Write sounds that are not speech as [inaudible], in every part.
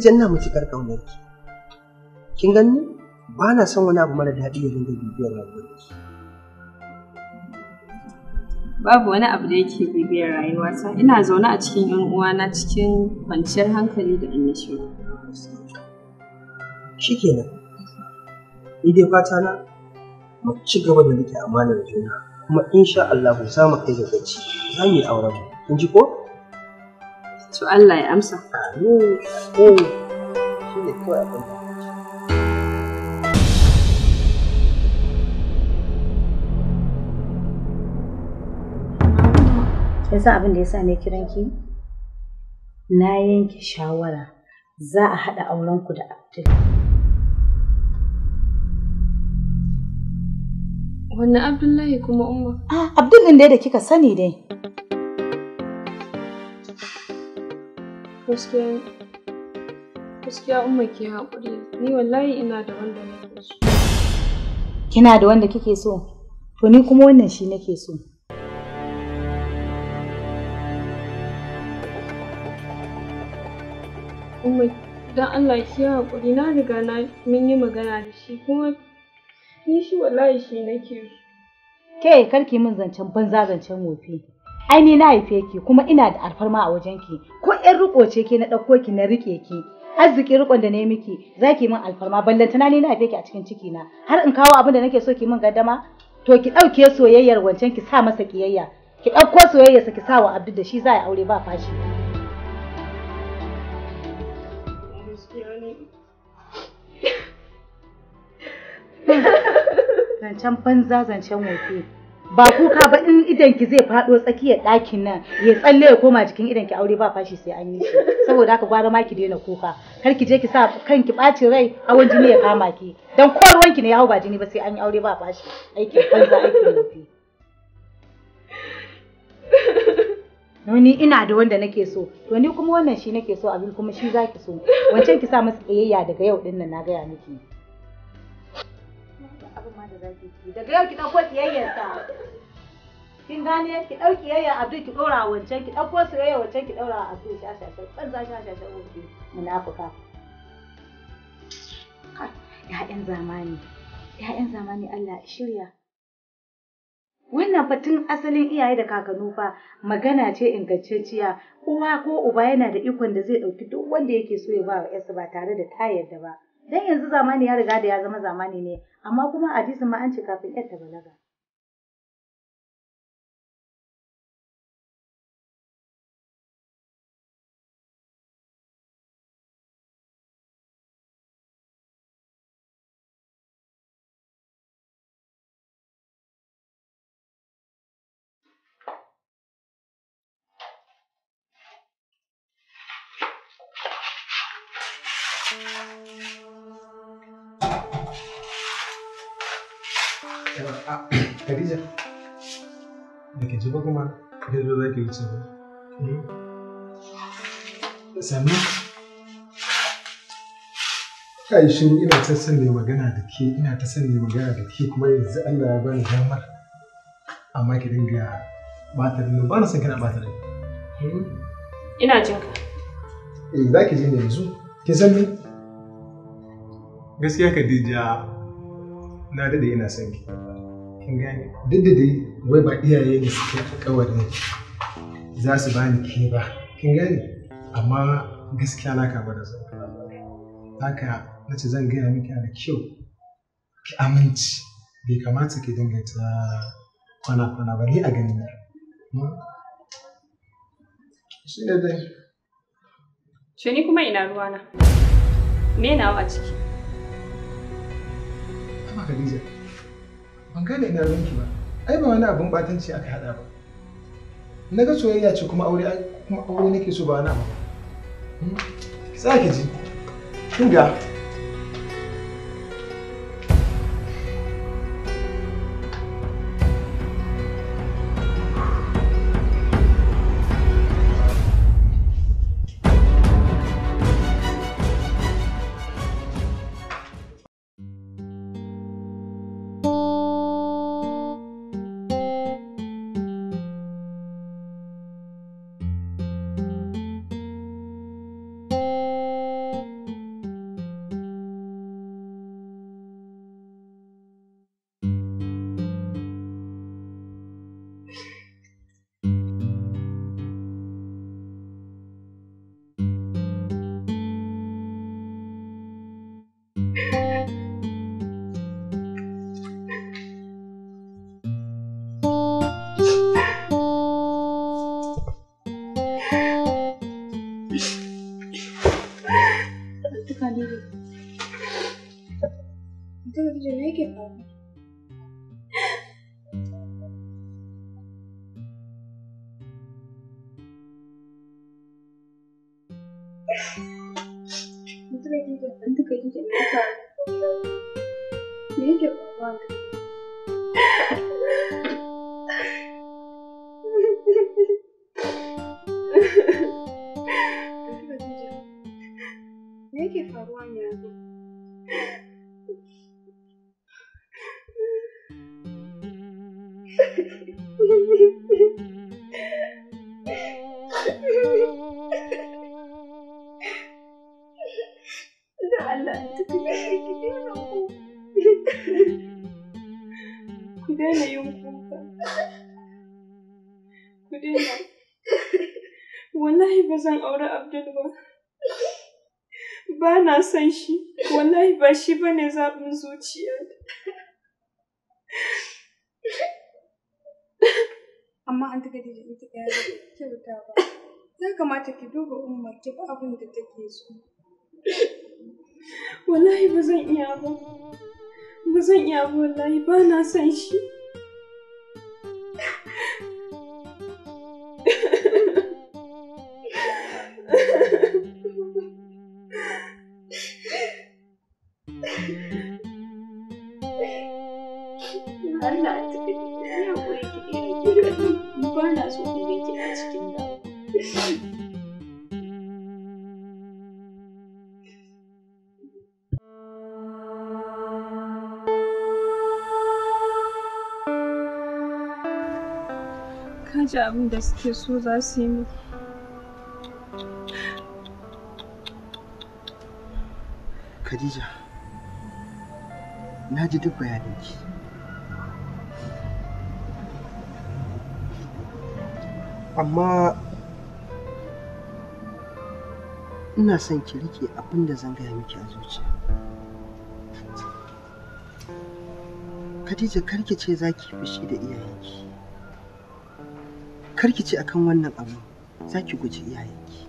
Khadija ina matuƙar ƙaunar ki. Kin gani? Ba na son wani abu mara daɗi ya dinga bibiyar rayuwar ki. Babu wani abu da yake bibiyar rayuwata. Ina zaune a cikin 'yan uwana cikin kwanciyar hankali da annashuwa. kenan. Ni dai fata na mu ci gaba da rike amanar juna kuma insha Allah za mu kai ga gaci za mu yi auren mu. Kin ji ko? To Allah ya amsa. Amin. Shi abin da ya sa ne kiran na yanke shawara za a haɗa aurenku da abdul wannan abdullahi kuma umma ah abdul din da kika sani dai Gaskiya gaskiya umma ki haƙuri ni wallahi ina da wanda nake so. Kina da wanda kike so? To ni kuma wannan shi nake so. Umma dan Allah ki haƙuri na riga na mun yi magana da shi kuma ni shi wallahi shi nake so. Ke karki min zancen banza zancen wofi. ai ni na haife ki kuma ina da alfarma a wajen ki ko ƴan riko ce ke na ɗauko ki na rike ki arziki rikon da ne miki zaki min alfarma na ni na haife ki a cikin ciki na har in kawo abin da nake so ki min gaddama to ki ɗauke soyayyar wancan ki sa masa kiyayya ki ɗauko soyayyarsa ki sa wa Abdu da shi za a aure ba fashi. Zancen banza zancen wofi. ba kuka ba in idan ki zai fado tsakiyar ɗakin nan ya tsalle ya koma jikin idan ki aure ba fashi sai an yi shi saboda haka gwara ma ki daina kuka kar ki je ki sa kanki ɓacin rai hawan jini ya kama ki dan kowar ne ya hau ba jini ba sai an yi aure ba fashi Aiki banza aiki nufi ni ina da wanda nake so to ni kuma wannan shi nake so abin kuma shi zaki so wancan ki sa masa tsayayya daga yau din nan na gaya miki abin ma da zaki ki daga yau ki ɗauko kiyayyar kin gane ki ɗauki kiyayyar abu ki a wancan ki ɗauko soyayya wancan ki dora abdu sha sha sha ban za sha sha sha wanki munafika ya'yan zamani ya'yan zamani Allah shirya wannan fa asalin iyaye da kakanni fa magana ce ingantacciya uwa ko uba yana da ikon da zai ɗauki duk wanda yake so ya ba wa yarsa ba tare da ta yarda ba dan yanzu zamani ya riga da ya zama zamani ne amma kuma hadisin ma an ce kafin yar ta balaga Thank you. Khadija, da ke ji ba kuma ke zo za ki wuce ba. Sannu, kai shi ina ta son ne magana da ke ina ta son ne magana da ke kuma yanzu Allah ya bani damar amma ki dinga bata rini ba na son kina bata ni. Hmm? Ina jin ka. Eh za ki ji ne yanzu. Ki san ni? Gaskiya Khadija na dade ina son ki kin gane duk da dai wai ba iyaye ne suke alƙawarin za su bani ke ba kin gane amma gaskiya na kama da zuwa haka na ce zan gaya miki da kyau ki aminci bai kamata ki dinga ta kwana-kwana ba ni a gani na shi ne dai shi ni kuma ina ruwana me nawa a ciki Khadija. Ban gane ina ranki ba. Ai ba wani abin batanci aka haɗa ba. Na ga soyayya ce kuma aure kuma aure nake so ba wani abu. Hmm? Tsaya ki ji. ga. Me yake faruwa san shi wallahi ba shi ba ne zaɓin zuciya amma an taka da ita ya kyauta ba ya kamata ki duba umma ki ba abin da take so wallahi ba zan iya ba ba zan iya ba wallahi ba na san shi abin da suke so yi Khadija na ji duk bayaninki amma ina son ki rike abin da zan gaya miki a zuciya Khadija kar ki ce za ki fushi da iyayenki karki ci akan wannan abu za ki guji iyayenki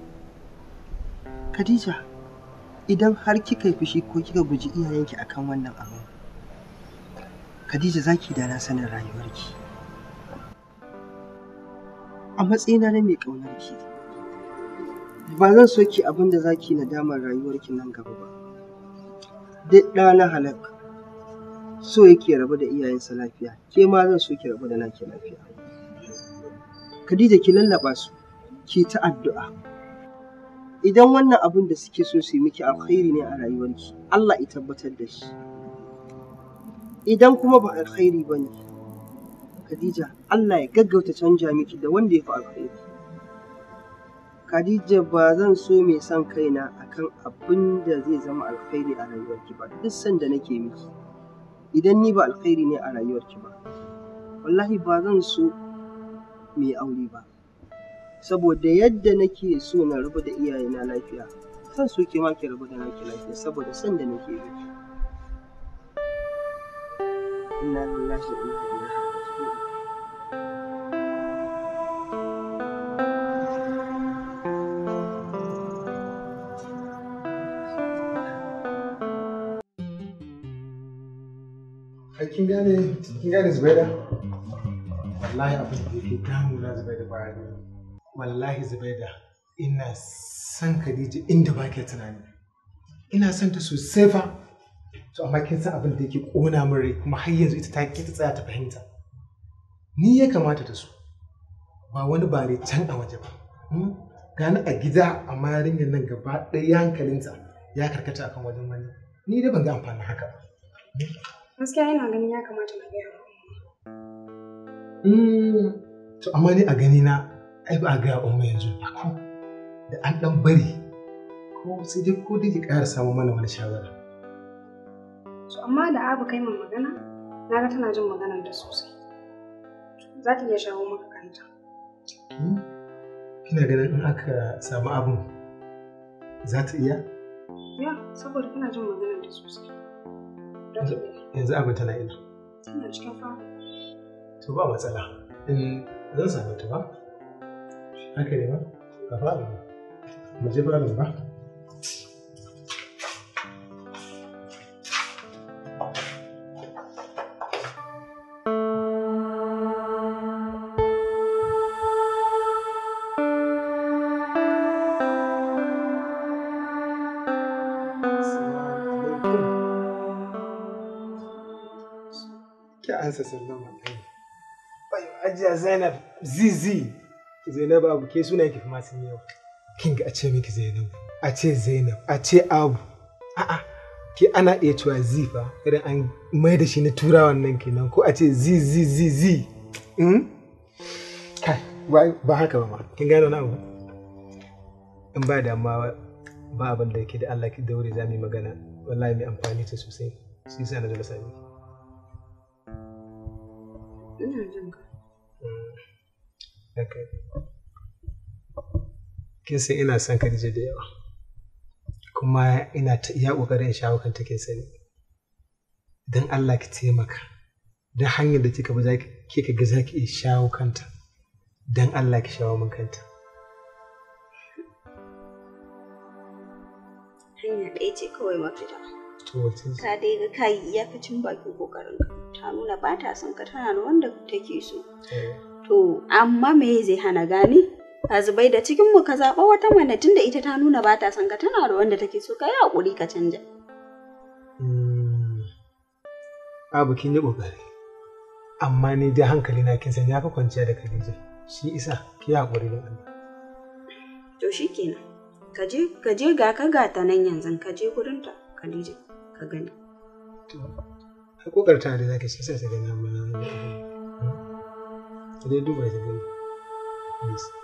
khadija idan har kika yi fushi ko kika guji iyayenki akan wannan abu khadija za ki dana sanin rayuwarki a matsayina na mai ƙaunarki ba zan so ki abin da za ki nadamar rayuwarki nan gaba ba duk ɗana halak so yake rabu da iyayensa lafiya ke ma zan so ki rabu da naki lafiya Khadija ki lallaba su ki ta addu'a idan wannan abin da suke so su yi miki alkhairi ne a rayuwarki Allah ya tabbatar da shi idan kuma ba alkhairi ba ne Khadija Allah ya gaggauta canja miki da wanda ya fi alkhairi Khadija ba zan so mai son kaina akan abin da zai zama alkhairi a rayuwarki ba duk sanda nake miki idan ni ba alkhairi ne a rayuwarki ba wallahi ba zan so Mai yi aure ba saboda yadda nake so na rabu da iyayena lafiya zan so ke ki rabu da naki lafiya saboda san da nake yi inna lillahi wa inna ilaihi kin gane kin gane zubaida wallahi abin da yake damuna zubaida ba ne wallahi zubaida ina son khadija inda ba ke tunani ina son ta sosai fa to amma kin san abin da yake kona min rai kuma har yanzu ita ta ki ta tsaya ta fahimta ni ya kamata ta so ba wani bare can a waje ba hmm? gani a gida amma yarinyar nan gaba ɗaya hankalinta ya karkata akan wajen wani ni da ban ga amfani haka ba gaskiya ina ganin ya kamata na gaya Mm. to amma ni a gani na ai ba a gaya umma yanzu da ko da an dan bari ko sai dai ko dai ki ƙara samu mana wani shawara to amma da abu kai mun magana na ga tana jin maganar da sosai za ta iya shawo maka kanta hmm? kina ganin in aka samu abun za ta iya ya saboda kina jin maganar da sosai yanzu abin tana ina tana cikin fara to ba matsala in zan samu ta ba haka ne ba ba ba mu je ba ba abu ke suna yake kuma sun yau kin ga a ce miki zainab a ce zainab a ce abu a'a ke ana iya cewa z fa irin an mai da shi na tura wannan kenan ko a ce z z z z hmm? kai ba haka ba ma kin gano na abu in ba damuwa ba abin da yake da Allah ki daure za mu yi magana wallahi mai amfani ta sosai sai sai na da sani. ina jin ka hmm. kin san ina son Khadija da yawa kuma ina iya ƙoƙarin in shawo kanta kin sani don Allah ki taimaka don hanyar da kika ba ki ga zaki iya shawo kanta don Allah ki shawo min kanta hanya ɗaya ce kawai mafita ka dai ga kai ya fi cin baki kokarin ta nuna ba ta son ka tana wanda take so eh. to amma me zai hana gani A zubai da cikin mu ka zaɓa wata mana tunda ita ta nuna ba ta son ka tana da wanda take so ka yi haƙuri ka canja. Mm. Abu kin yi ƙoƙari. Amma ni dai hankali na kin san ya fi kwanciya da Khadija. Shi isa ki haƙuri da Allah. To shi Ka je ka je ga ka ga ta nan yanzu ka je gurin ta Khadija ka gani. To ai kokarta da zaki shi sai ta gani amma na. Ka hmm? dai duba ta gani. Please.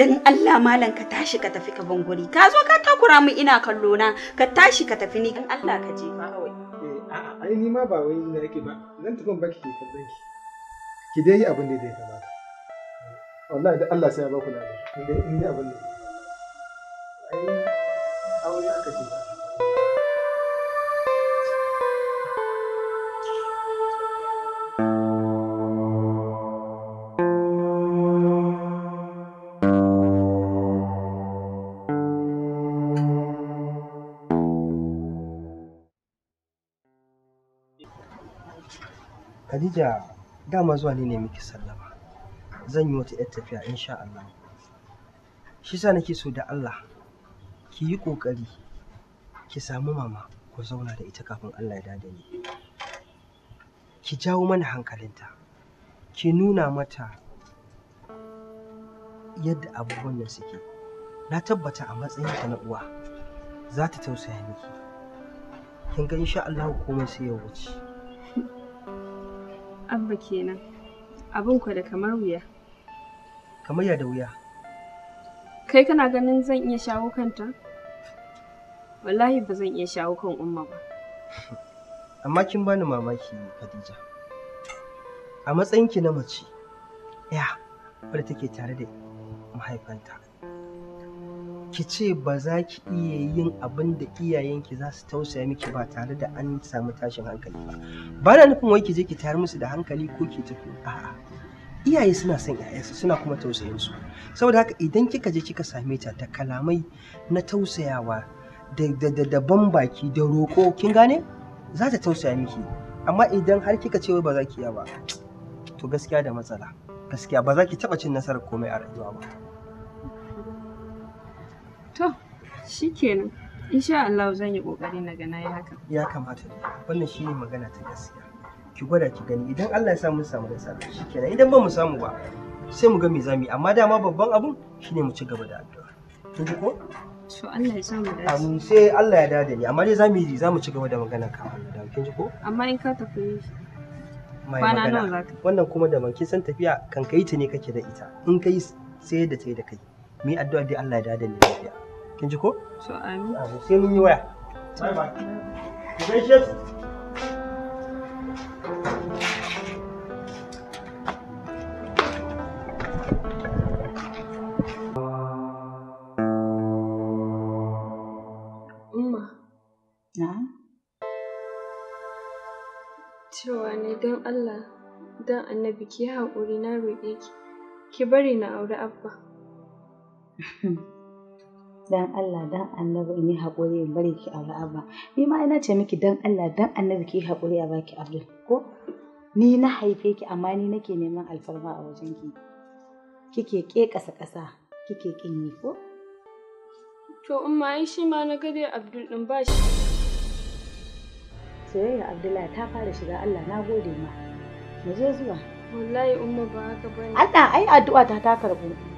Dan Allah malam ka tashi ka tafi ka banguri. Ka zo ka takura mu ina kallo na. Ka tashi ka tafi ni dan Allah ka je fa kawai. Eh, a'a ai ni ma ba wai ina yake ba. Zan tafi baki ki kallon ki. Ki dai yi abin da zai kamata. Wallahi da Allah sai ya baku lafiya. Ni dai in yi abin da. Ai aure aka ce ba. Khadija dama zuwa ne ne miki sallama. Zan yi wata 'yar tafiya insha Allah. Shi sa nake so da Allah ki yi ƙoƙari ki samu mama ku zauna da ita kafin Allah ya dade ni. Ki jawo mana hankalinta. Ki nuna mata yadda abubuwan nan suke. Na tabbata a matsayinta na uwa za ta tausaya miki. Kin ga insha Allah komai sai ya wuce. Abba kenan. Abin ku da kamar wuya. Kamar ya da wuya. Kai kana ganin zan iya shawo kanta? Wallahi ba zan iya shawo kan umma ba. [laughs] Amma kin bani mamaki Khadija. A matsayinki na mace, ya wadda take tare da mahaifanta. ki ce ba za ki iya yin abin da iyayenki za su tausaya miki ba tare da an samu tashin hankali ba ba na nufin wai ki je ki tayar musu da hankali ko ki tafi a'a iyaye suna son iyayensu suna kuma tausayin su saboda haka idan kika je kika same ta da kalamai na tausayawa da da da ban baki da roƙo kin gane za ta tausaya miki amma idan har kika ce wai ba za ki iya ba to gaskiya da matsala gaskiya ba za ki taɓa cin nasarar komai a rayuwa ba To, shikenan. Insha Allah zan yi kokari na ga nayi haka. Ya kamata. Wannan shine magana ta gaskiya. Ki gwada ki gani idan Allah ya sa mun samu nasara shikenan idan ba mu samu ba sai mu ga me zamu yi amma dama babban abun shine mu ci gaba da addu'a. Kin ji ko? So Allah ya sa mu dace. Amin sai Allah ya dade ni amma dai zamu yi zamu ci gaba da magana kafin mu kin ji ko? Amma in ka tafi Kwana nawa Wannan kuma da kin san tafiya kan kai ta ne kake da ita. In kai sai da ta yi da kai. mu yi addu'a dai Allah ya dada ni lafiya kin ji ko so amin sai mun yi waya bye bye ku gaishe cewa ne don Allah don annabi ki haƙuri na roƙe ki ki bari na aure abba [laughs] dan Allah dan annabi in yi haƙuri in bari ki aure abba ni ma ina ce miki dan Allah dan annabi ki haƙuri a baki Abdul ko ni na haife ki amma ni nake neman alfarma a wajen ki kike ke kasa kasa kike kin yi ko to in ai shi ma na gade Abdul din ba shi soyayya Abdullahi ta fara shiga Allah na gode ma mu je zuwa wallahi umma ba haka bane Allah ai addu'a ta ta karbu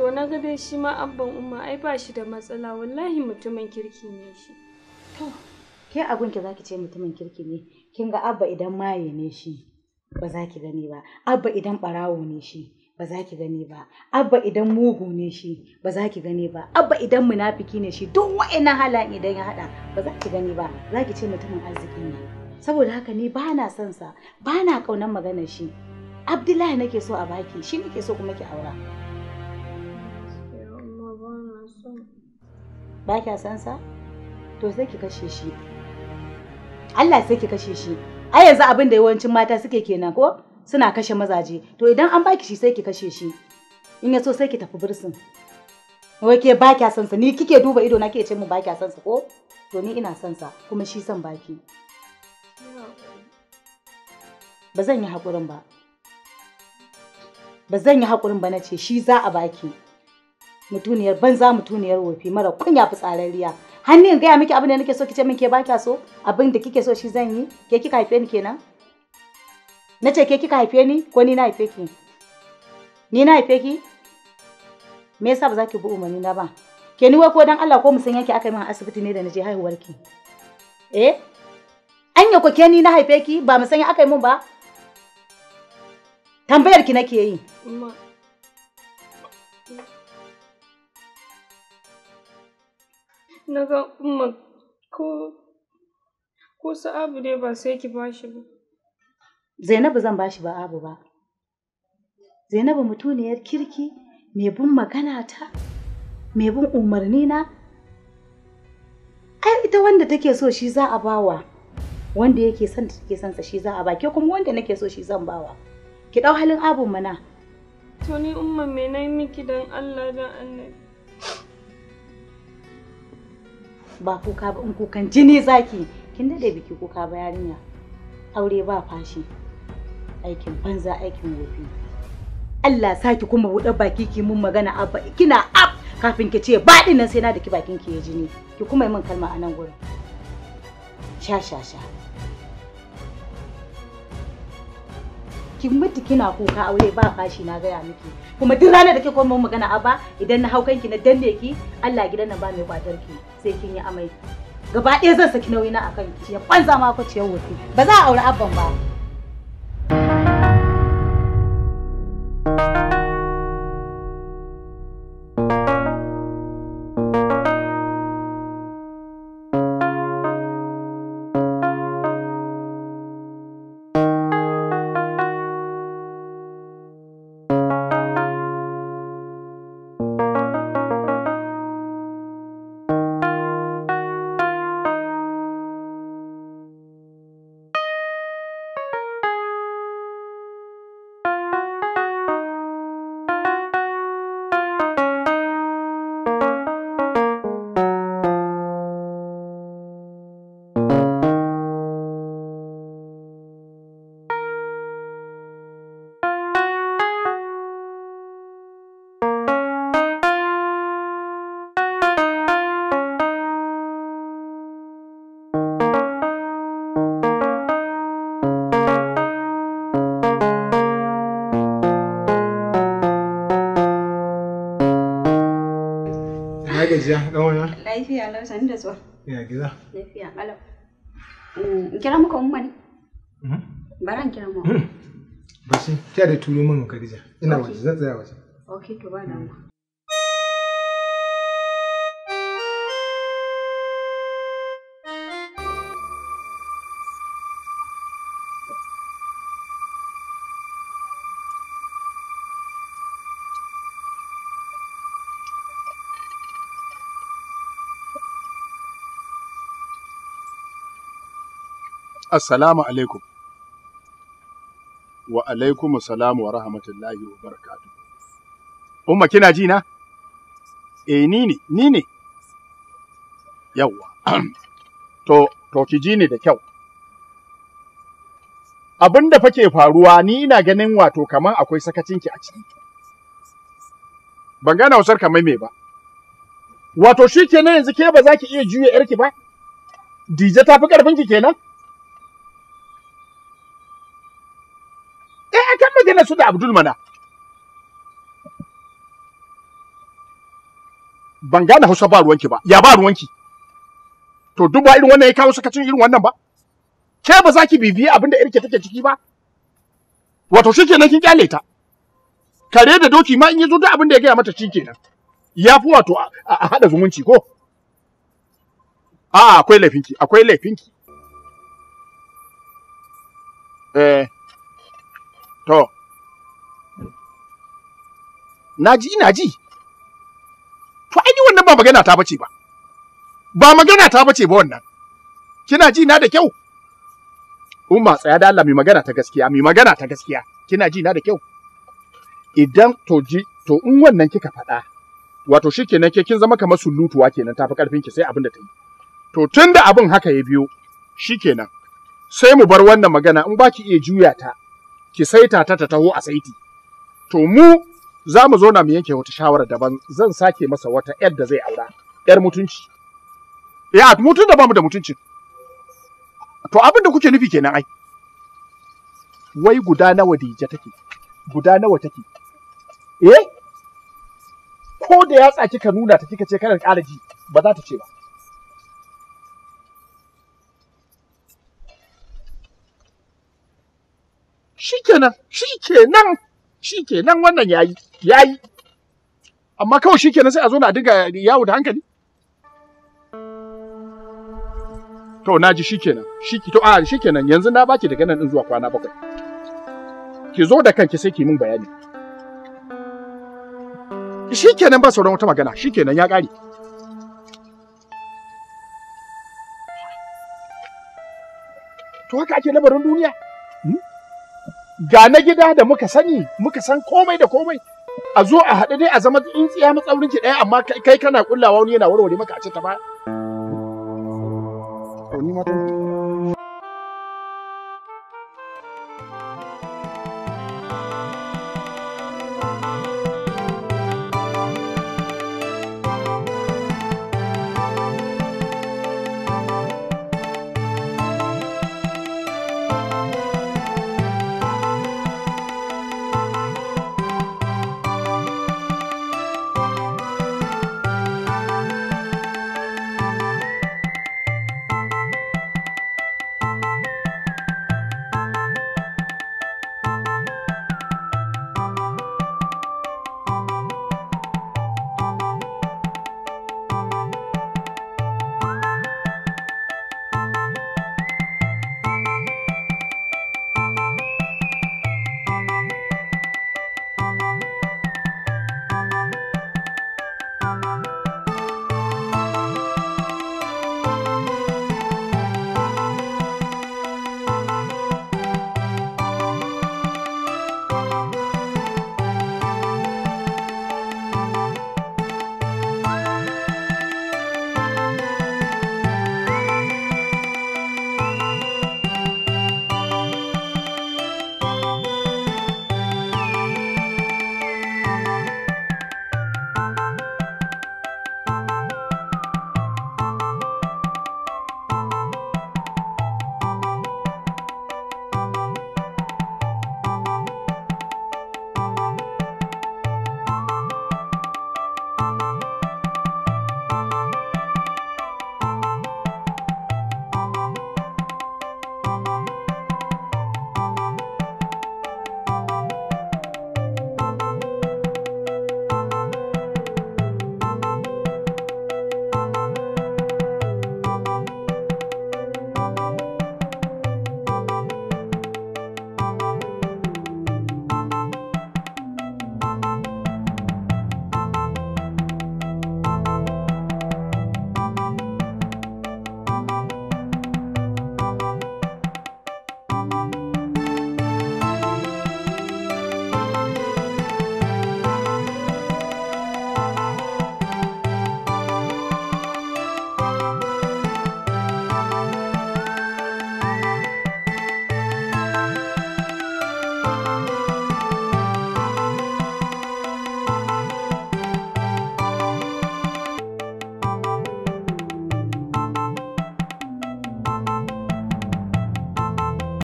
To na ga dai shi ma abban umma ai ba shi da matsala wallahi mutumin kirki ne shi. To ke abun ki zaki ce mutumin kirki ne kin ga abba idan maye ne shi ba za ki gani ba abba idan barawo ne shi ba za ki gani ba abba idan mugu ne shi ba za ki gani ba abba idan munafiki ne shi duk wa'annan halayen idan ya hada ba za ki gani ba za ki ce mutumin arziki ne saboda haka ni ba na son sa ba na kaunar maganar shi abdullahi nake so a baki shi nake so kuma ki aura ba kya san sa to sai ki kashe shi Allah sai ki kashe shi ai yanzu abin da yawancin mata suke kenan ko suna kashe mazaje to idan an baki shi sai ki kashe shi in ya so sai ki tafi birsin Wai ke ba kya san sa ni kike duba ido na ke ce mu ba kya san sa ko to ni ina san sa kuma shi san baki ba zan yi hakurin ba ba zan yi hakurin ba na ce shi za a baki mutuniyar banza mutuniyar wofi mara kunya fitsararriya hannun gaya miki abin da nake so kice min ke ba so abin da kike so shi zan yi ke kika haife ni kenan na ce ke kika haife ni ko ni na haife ki ni na haife ki me yasa ba za ki bu umarni na ba ke ni wai ko dan Allah ko musan yake aka min asibiti ne da naje haihuwar ki eh anya ko ke ni na haife ki ba musan aka yi min ba tambayar ki nake yi na ga umma ko ko abu dai ba sai ki bashi ba zainabu zan bashi ba abu ba zainabu mutuniyar kirki mai bin magana ta mai bin umarni na ai ita wanda take so shi za a bawa wanda yake son ta take son sa shi za a ba ke kuma wanda nake so shi zan bawa ki dau halin abun mana to ni umma me nayi miki dan Allah dan Allah ba kuka ba in kukan jini zaki kin dade biki kuka ba yarinya aure ba fashi aikin banza aikin wofi Allah saki kuma buɗe baki ki mun magana abba kina ab kafin ki ce baɗin nan sai na da ki bakin ki ya jini ki kuma yi min kalma a nan gurin sha sha sha ki mutu kina kuka aure ba fashi na gaya miki kuma duk ranar da kike komo magana aba idan na hau kanki na danne ki Allah gidan nan ba mai kwatar ki sai kin yi amai gaba ɗaya zan saki nauyi na akan ki ya banza ma ku ciyar wuce ba za a aure abban ba Nana. lau sani da zuwa. Ya gida. Mm, kira muka hmm? Baran kira hmm. Basi, ta da turo min Khadija. Ina waje, zan tsaya waje. to ba damuwa. assalamu alaikum wa alaikum assalamu wa rahmatullahi wa barakatu umma kina ji na eh ni ne ni ne yawa [clears throat] to to ki ji ni da kyau abin da fake faruwa ni ina ganin wato kaman akwai sakacinki a ciki ban gane wasar kamar me ba wato shi kenan yanzu ke ba za ki iya juya yarki ba dije ta fi karfinki kenan na su da Abdul mana. Ban gane Hausa ba ruwanki ba, ya ba ruwanki. To duk ba irin wannan ya kawo sakacin irin wannan ba. Ke ba za ki bibiye abin da irke take ciki ba. Wato shi kenan kin kyale ta. Kare da doki ma in yi zo duk abin da ya gaya mata shi kenan. Ya fi wato a haɗa zumunci ko? A'a akwai laifinki, akwai laifinki. Eh, to, na ji ina ji to ai wannan ba magana ta bace ba ba magana ta bace ba wannan kina ji na da kyau umma tsaya da Allah mai magana ta gaskiya mai magana ta gaskiya kina ji na da kyau idan to ji to in wannan kika faɗa wato shikenan ke kin zama kamar sulutuwa kenan tafi karfin ki sai abin da ta yi to tunda abin haka ya biyo shikenan sai mu bar wannan magana in ba ki iya juya ta ki saita ta ta taho a saiti to mu za mu zo na mu yanke wata shawara daban zan sake masa wata yar da zai aura yar mutunci ya mutun da bamu da mutunci to abin da kuke nufi kenan ai wai guda nawa dija take guda nawa take eh ko da yatsa kika nuna ta kika ce kana ƙara ji ba za ta ce ba shikenan shikenan shi nan wannan yayi yayi amma kawai shi sai a zo na dinga yawo da hankali to na ji shi kenan shi to a shi yanzu na baki daga nan din zuwa kwana bakwai ki zo da kanki sai ki min bayani shi kenan ba sauran wata magana shi ya ƙare to haka ake labarin duniya hmm? ga na gida da muka sani muka san komai da komai a zo a haɗu dai a zama in tsaya matsaurinki ɗaya amma kai kana kullawa wani yana warware maka a ce ta baya.